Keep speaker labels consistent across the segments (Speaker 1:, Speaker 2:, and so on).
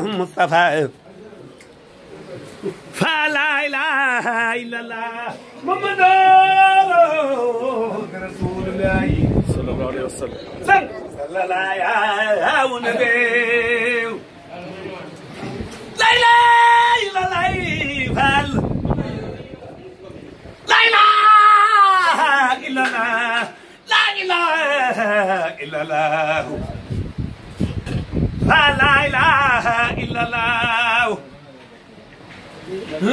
Speaker 1: مصطفى
Speaker 2: فلا إله إلا الله محمد رسول
Speaker 1: الله صلى الله عليه وسلم
Speaker 2: صلى الله يا
Speaker 1: ونبي
Speaker 2: لا إله إلا الله فال لا إله إلا الله لا إله إلا الله la ilaha illallah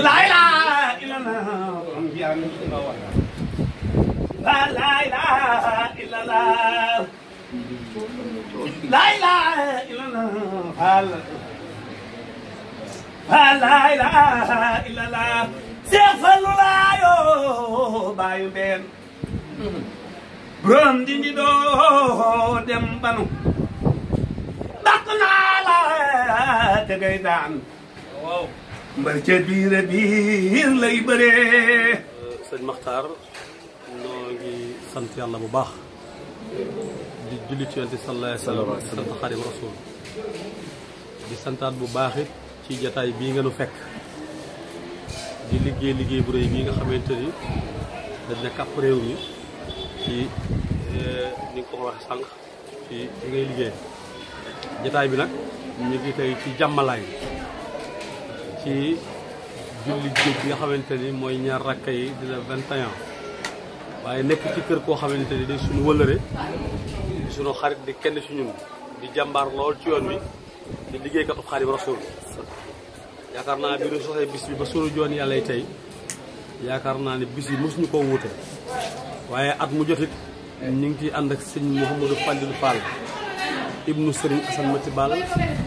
Speaker 1: la ilaha
Speaker 2: illallah la ilaha illallah la ilaha illallah la ilaha illallah Seex Fallu laayoo baayu benn
Speaker 1: borom di di doo dem banu
Speaker 2: te ngay daan
Speaker 1: waaw mbër ca biir a biir lay bëree euh, sëñ Maxtaar noo ngi sant yàlla bu baax di julli ci yonent sant xadim rasul di santaat bu baax ci jataay bii nga fekk di liggéey liggéey bu rëy bii nga xamante ni dañ kàpp réew mi ci euh, ni nga ko waxee sànq ci ngay liggéey jataay bi nag ñu ngi tey ci jàmmalaay ci julli géej bi nga xamante ni mooy ñaar rakka yi di la 21 waaye nekk ci kër koo xamante ni di suñu wëlëre di suñu xarit di kenn si ñun di jàmbaar lool ci yoon wi di liggéeykatu Xaadimu Rasuul yaakaar naa bi soxee bis bi ba suñu joon yàlla tey yaakaar naa ne bis yi mosuñu koo wuute waaye at mu jotit ñu ngi ciy ànd ak sëñ Mouhamadou Fallil Fall ibnu Serigne Assane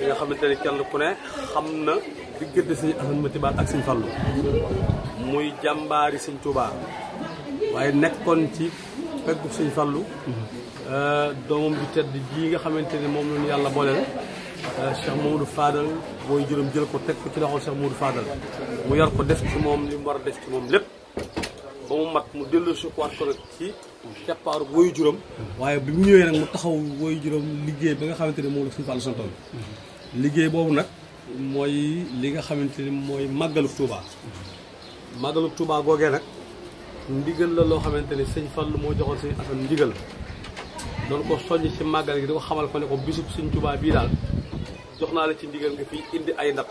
Speaker 1: li nga xamante ne kenn ku ne xam na diggante sëñ Ahmadou Mati Baal ak sëñ Fallu muy jàmbaari sëñ Tuubaa waaye nekkoon ci peggu sëñ Fallu euh, doomam ju tedd ji nga xamante ni moom la ñu yàlla boole la euh, Cheikh Mamadou Fadal booy juróom jël ko teg ko ci loxol Cheikh Mamadou Fadal mu yar ko def ci moom li mu war a def ci moom lépp ba mu mat mu dellu si ko nag ci keppaaru woyu juróom waaye bi mu ñëwee nag mu taxaw woyu juróom liggéey bi nga xamante ne moom la suñu fàllu santoon liggéey boobu nag mooy li nga xamante ni mooy màggalu Touba màggalu Touba googee nag ndigal la loo xamante ni sëñ Fallu moo joxoon sëñ Asan ndigal doon ko soññ ci màggal gi di ko xamal ko ne ko bisub sëñ Touba bii daal jox naa la ci ndigal nga fi indi ay ndab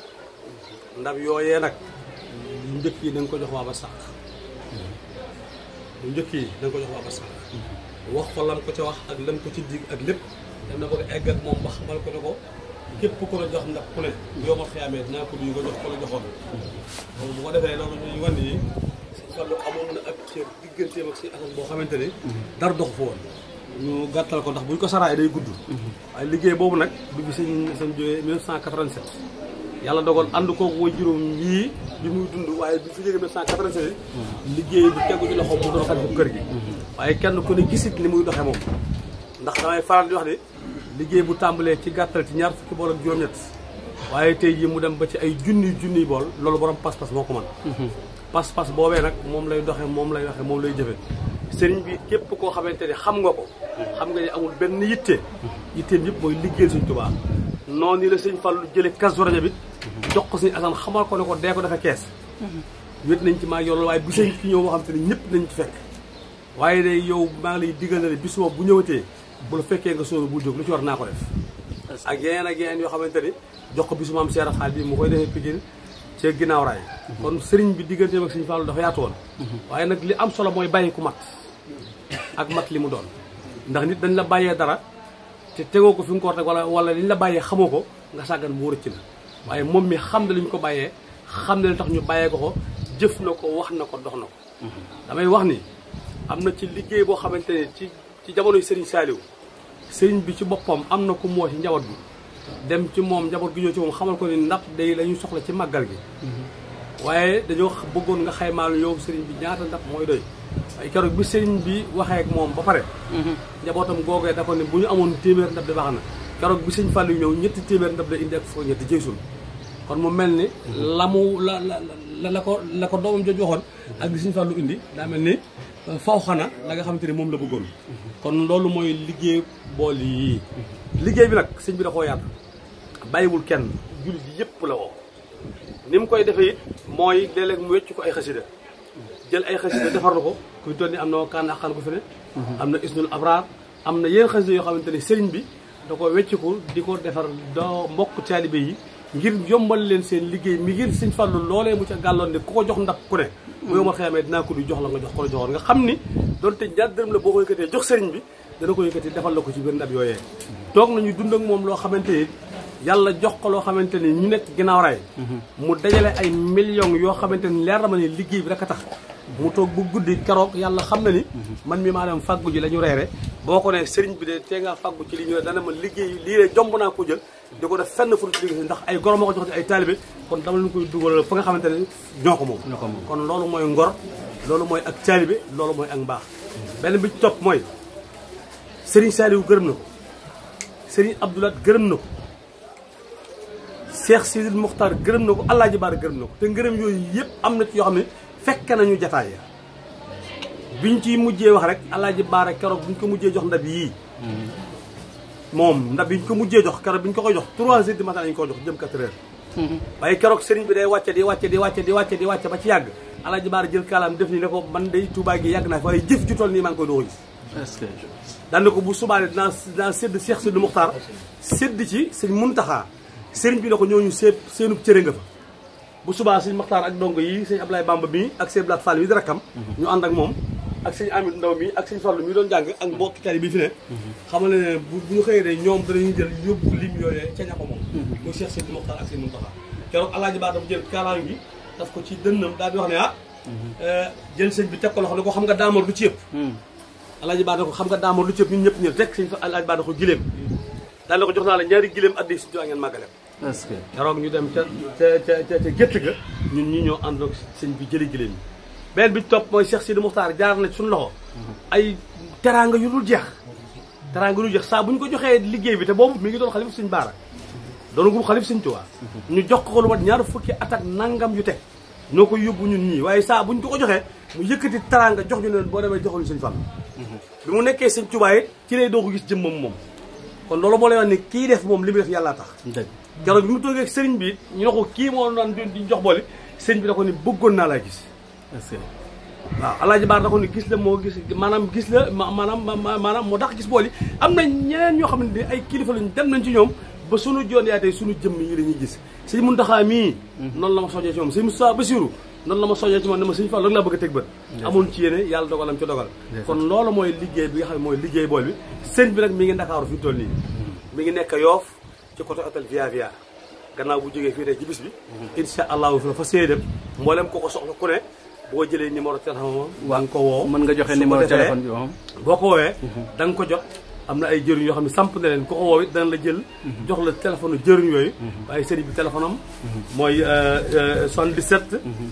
Speaker 1: ndab yooyee nag yu njëkk yi da ko jox waa ba sàq yu njëkk yi da nga ko jox waa ba sàq wax ko lam ko ca wax ak lam ko ci dig ak lépp dem ko egg ak moom ba xamal ko ne ko képp ku la jox ndax ku ne yow ma xiyaamee dinaa ko nuyu nga jox ko la joxoon bu ko defee loolu ñu wan ni digganteem ak si asan boo xamante ne dara dox fa woon ñu gàttal ko ndax buñ ko saraay day gudd waaye liggéey boobu nag du bi sëñ sëñ jógee 1987 yàlla dogal ànd kooku way juróom yii bi muy dund waaye bi fi jógee 1987 liggéey bu tegu ci loxo mu doon xaj bu kër gi waaye kenn ko ne gisit ni muy doxee moom liggéey bu tàmbalee ci gàttal ci ñaar fukki bool ak juróom-ñett waaye tey jii mu dem ba ci ay junniy junniy bool loolu borom pas-pas moo ko mën pas-pas boobee nag moom lay doxee moom lay waxee moom lay jëfe sëriñ bi képp koo xamante ne xam nga ko xam nga ne amul benn yitte yitteem yëpp mooy liggéeyal suñ tubaa noonu ni la sëñ Fallu jële Kazu Rajab bi jox ko suñu asan xamal ko ne ko dee ko dafa kees wét nañ ci maa yow waaye bu sëñ ki ñëw moo xam te ñëpp nañ ci fekk waaye day yow maa ngi lay digal ne bisuma bu ñëwatee bu la fekkee nga sóobu bu jóg lu ci war naa ko def. ak yeneen ak yeneen yoo xamante ni jox ko bisu maam Cheikh xaal bi mu koy defee Pikine ci ginnaaw raay. Mhm. kon sëriñ bi digganteem ak sëriñ Fallou dafa yaatu woon. Mhm. waaye nag li am solo mooy bàyyi ku mat ak mat li mu doon. ndax nit dañ la bàyyee dara te tegoo ko fi mu ko war teg wala wala liñ la bàyyee xamoo ko nga sàggan mu wërëcc la waaye moom mi xam na li ñu ko bàyyee xam na li tax ñu bàyyee ko ko jëf ko wax na ko dox na ko. Mhm. damay wax ni am na ci jamonoy Serigne Saliou Serigne bi ci boppam am na ku moo ci njaboot bi dem ci moom njaboot gi ñëw ci moom xamal ko ni ndab day la ñuy soxla ci màggal gi. Mm-hmm. waaye dañoo bëggoon nga xaymaal yow sëriñ bi ñaata ndab mooy doy. ay keroog bi Serigne bi waxee ak moom ba pare. Mm-hmm. njabootam googee dafa ne bu ñu amoon téeméer ndab di baax na keroog bi Serigne Fallou ñëw ñetti téeméer ndab la indi ak foo ñetti jëysul. kon mu mel ni la mu la la ko la ko doomam jooju waxoon ak li Sëñ lu indi daa mel ni euh, faw xana la nga xamante ni moom la bëggoon kon loolu mooy liggéey bool yii liggéey bi nag sëñ bi da koo yaatu bàyyiwul kenn jullit yi yëpp la woo ni mu koy defee mooy léeg mu wecc ko ay xasida jël ay xasida defar ko kuy toll ni ak xan ko fi ne am na isnul abraar am na yenn xasida yoo xamante ni sëriñ bi da ko wecciku di ko defar doo mbokk taalibe yi ngir yombal leen seen liggéey mi ngir Sëñ Fallu loolee mu ca gàlloon ne ku ko jox ndab ku ne bu yow ma xeamee dinaa ko du jox la nga jox ko la joxoon nga xam ni donte ñaar dërëm la boo ko yëkkatee jox sëriñ bi dana ko yëkkati defal la ko ci biir ndab yooyee toog nañu dund ak moom loo xamante ni yàlla jox ko loo xamante ni ñu nekk ginnaaw ray mu dajale ay millions yoo xamante ni leer ma ne liggéey bi rek a tax mu toog bu guddi keroog yàlla xam na ni man mi maanaam fàggu ji la ñu reere boo ko ne sëriñ bi de tee ngaa fàggu ci li ñu ne dana ma liggéey lii de jomb naa ko jël di ko def fenn fu ñu ndax ay goro moo ko jox ay taalibe kon dama leen koy dugal fa nga xamante ne ñoo ko moom kon loolu mooy ngor loolu mooy ak taalibe loolu mooy ak mbaax benn bi ci topp mooy Serigne Saliou gërëm na ko Serigne Abdoulaat gërëm na ko Cheikh Sidil Mokhtar gërëm na ko Alaaji Baar gërëm na ko te ngërëm yooyu yëpp am na ci yoo xam ne fekke nañu jataay ya biñ ciy mujjee wax rek Alaaji Baar keroog buñ ko mujjee jox ndab yii moom ndax biñ ko mujjee jox keroog biñ ko koy jox 3 heures du matin lañ ko jox jëm 4 heures. Mhm. waaye keroog sëriñ bi day wàcce di wàcce di wàcce di ba ci yàgg Alaaji Baara jël kaalaam def ni ne ko man day Touba gi yàgg naa fi waaye jëf ju toll nii maa ngi koy doog a gis. est-ce que. daanaka ko bu subaane dinaa dinaa sédd Cheikh Sidou Muxtaar sëriñ bi ne ko ñooñu seeb seenub cëre nga fa bu subaa sëñ Muxtaar ak dongo yi sëñ Ablaye Bamba bi ak sëñ Blaat Fall bi di rakkam mhm. ñu ànd ak moom ak sëñ amit ndaw mi ak sëñ Fallu mi doon jàng ak mbokki tali bi fi ne xamal ne bu bu ñu xëyee de ñoom danañuy jël yóbbu lim yooyee ca ña ko moom muy Cheikh Sidi baa dafa jël ko ci dënnam daal di wax ne ah mhm. jël bi teg ko loxo ko xam nga daamoor lu ci yëpp hmm. alaaji baa xam nga daamoor lu ci yëpp ñun ñëpp ñëw rek sëñ alaaji baa da ko gileem daal la ko jox naa la ñaari gileem addi si jox ngeen màggale keroog ñu dem ca ca ca ca gétt ga ñun ñi ñoo àndoog sëñ bi jëli gileem yi beneen bi topp mooy seex si Sidi Moukhtar jaar na suñu loxo ay teraanga yu dul jeex teraanga yu dul jeex saa bu ñu ko joxee liggéey bi te boobu mi ngi doon xalif suñu baara doon gum xalif suñu Tuubaa ñu jox ko lu wat ñaar fukki at nangam yu teg ñoo koy yóbbu ñun ñii waaye saa bu ñu ko ko joxee mu yëkkati teraanga jox ñu leen boo demee joxuñu suñu fam bi mu nekkee suñu Tuubaa yi ci lay doo ko gis jëmmam moom kon loolu moo lay wax ne kii def moom li mu def yàllaa tax keroog bi mu toogee sëriñ bi ñu ne ko kii moo naan di jox boole sëriñ bi da ko ne bëggoon naa laa gis waaw alaaji baar da ko ne gis la moo gis maanaam gis la maanaam maanaam moo dax gis bool yi am na ñeneen ñoo xam ne ay kilifa lañu dem nañ ci ñoom ba sunu joon yaa tey suñu jëmm yi la ñuy gis sëñ Muntaxa mii mhm. noonu la ma soññee ci moom sëñ Moussa Bassirou noonu la ma soññee ci moom ne ma sëñ Fall rek laa bëgg a teg bët amoon ci yéene yàlla kon loolu mooy liggéey bi nga xam liggéey bool bi bi nag mi ngi Ndakaaru fi toll nii mhm. mi ngi nekk Yoof ci côté hôtel Via Via gannaaw bu jógee fii tey ci bis bi mhm. insha allahu fi la fa séedam mboolem ko ko soxla ku ne boo jëlee numéro téléphone waa nga ko mën nga joxe numéro téléphone bi moom boo ko woowee da nga ko jot am na ay jëriñ yoo xam ne samp na leen ko ko woo it dana la jël mhm. jox la téléphone jëriñ yooyu mhm. waaye sëriñ bi téléphone mhm. mooy 77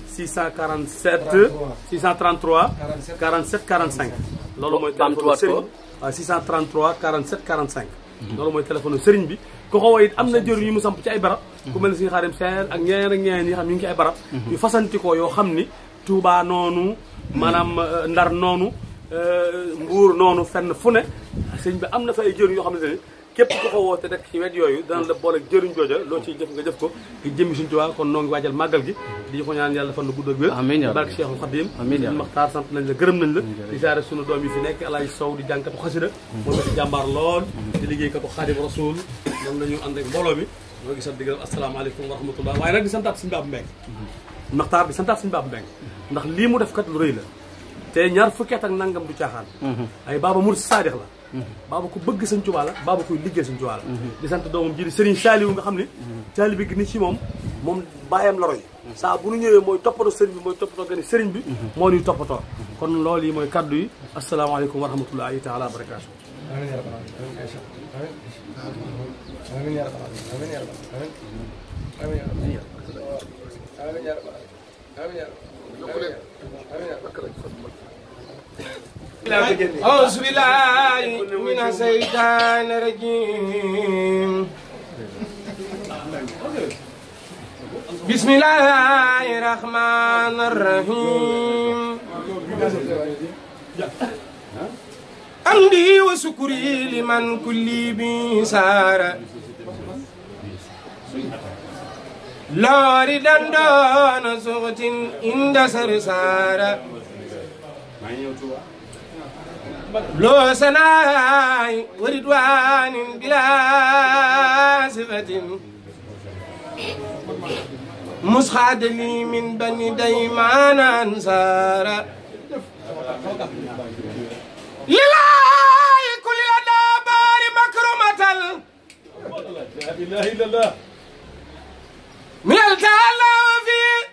Speaker 1: 647 633 47 45 loolu mooy téléphone sëriñ waaw 633 loolu mooy téléphone sëriñ bi ko ko woo it am na jëriñ yu mu samp ci ay barab ku mel ne suñu xaarim seen ak ñeneen ak ñeneen yi xam ñu ngi ay barab yu fasantikoo yoo xam ni Touba noonu maanaam hmm. euh, Ndar noonu euh, Mbuur noonu fenn fu ne sëñ bi am na fa ay jëriñ yoo xam ne képp ku ko woote rek ci wet yooyu dana la boole jëriñ jooja loo ci jëf nga jëf ko ngi jëmmi suñu Tuubaa kon noo ngi waajal màggal gi di ko ñaan yàlla fan la gudd ak wér amiin barke Cheikhul Khadim amiin Maxtaar sant nañ la gërëm nañ la di saare sunu doom yi fi nekk Alaaji Sow di jànkatu xasida hmm. moom di jàmbaar lool hmm. di liggéeykatu Xaadim Rasuul moom la ñu ànd ak mbooloo mi moo ngi sant di gërëm asalaamaaleykum wa rahmatullah waaye nag di santaat suñu Baabu maxtaar bi santaat suñu baaba Mbengue ndax lii mu def kat lu rëy la te ñaar fukki at ak nangam du caaxaan mhm. ay baaba murid saadix la mhm. baaba ku bëgg sëñ Tuubaa la baaba kuy liggéey sëñ Tuubaa la mhm. di sant doom ji di Sëriñ Saaliwu nga xam ne taalibe bi ni ci moom moom bàyyam la roy saa bu nu ñëwee mooy toppatoo sëriñ bi mooy toppatoo gën sëriñ bi moo ñuy toppatoo kon lool yi mooy kaddu yi asalaamaaleykum wa rahmatullahi taala wa barakaatu
Speaker 2: amiin amiin amiin
Speaker 1: amiin أعوذ بالله من الشيطان
Speaker 2: الرجيم بسم الله الرحمن الرحيم أمدي وشكري لمن كل بي سارة loori dandoona suxtin inda sarsaara loo sanaayi wa ridwaanin bilaa sifatin musxaad lii min bani daymaana ansaara lilaayi kulli adaa baari makrumatal قتلت الله وفي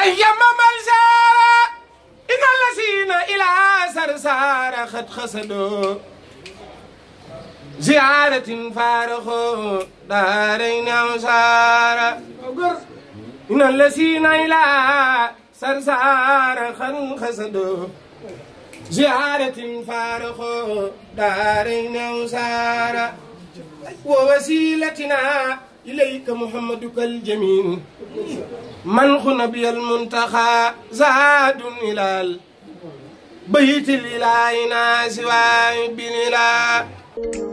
Speaker 2: هيا ماما الزارة إن الذين إلى سرسارة قد خسدوا زيارة فارقوا دارين أمسارة إن الذين إلى سرسارة قد خسدوا زيارة فارقوا دارين أمسارة ووسيلتنا إليك محمدك الجميل منخ نبي المنتخى زاد إلى بيت الإله ناس وعب الإله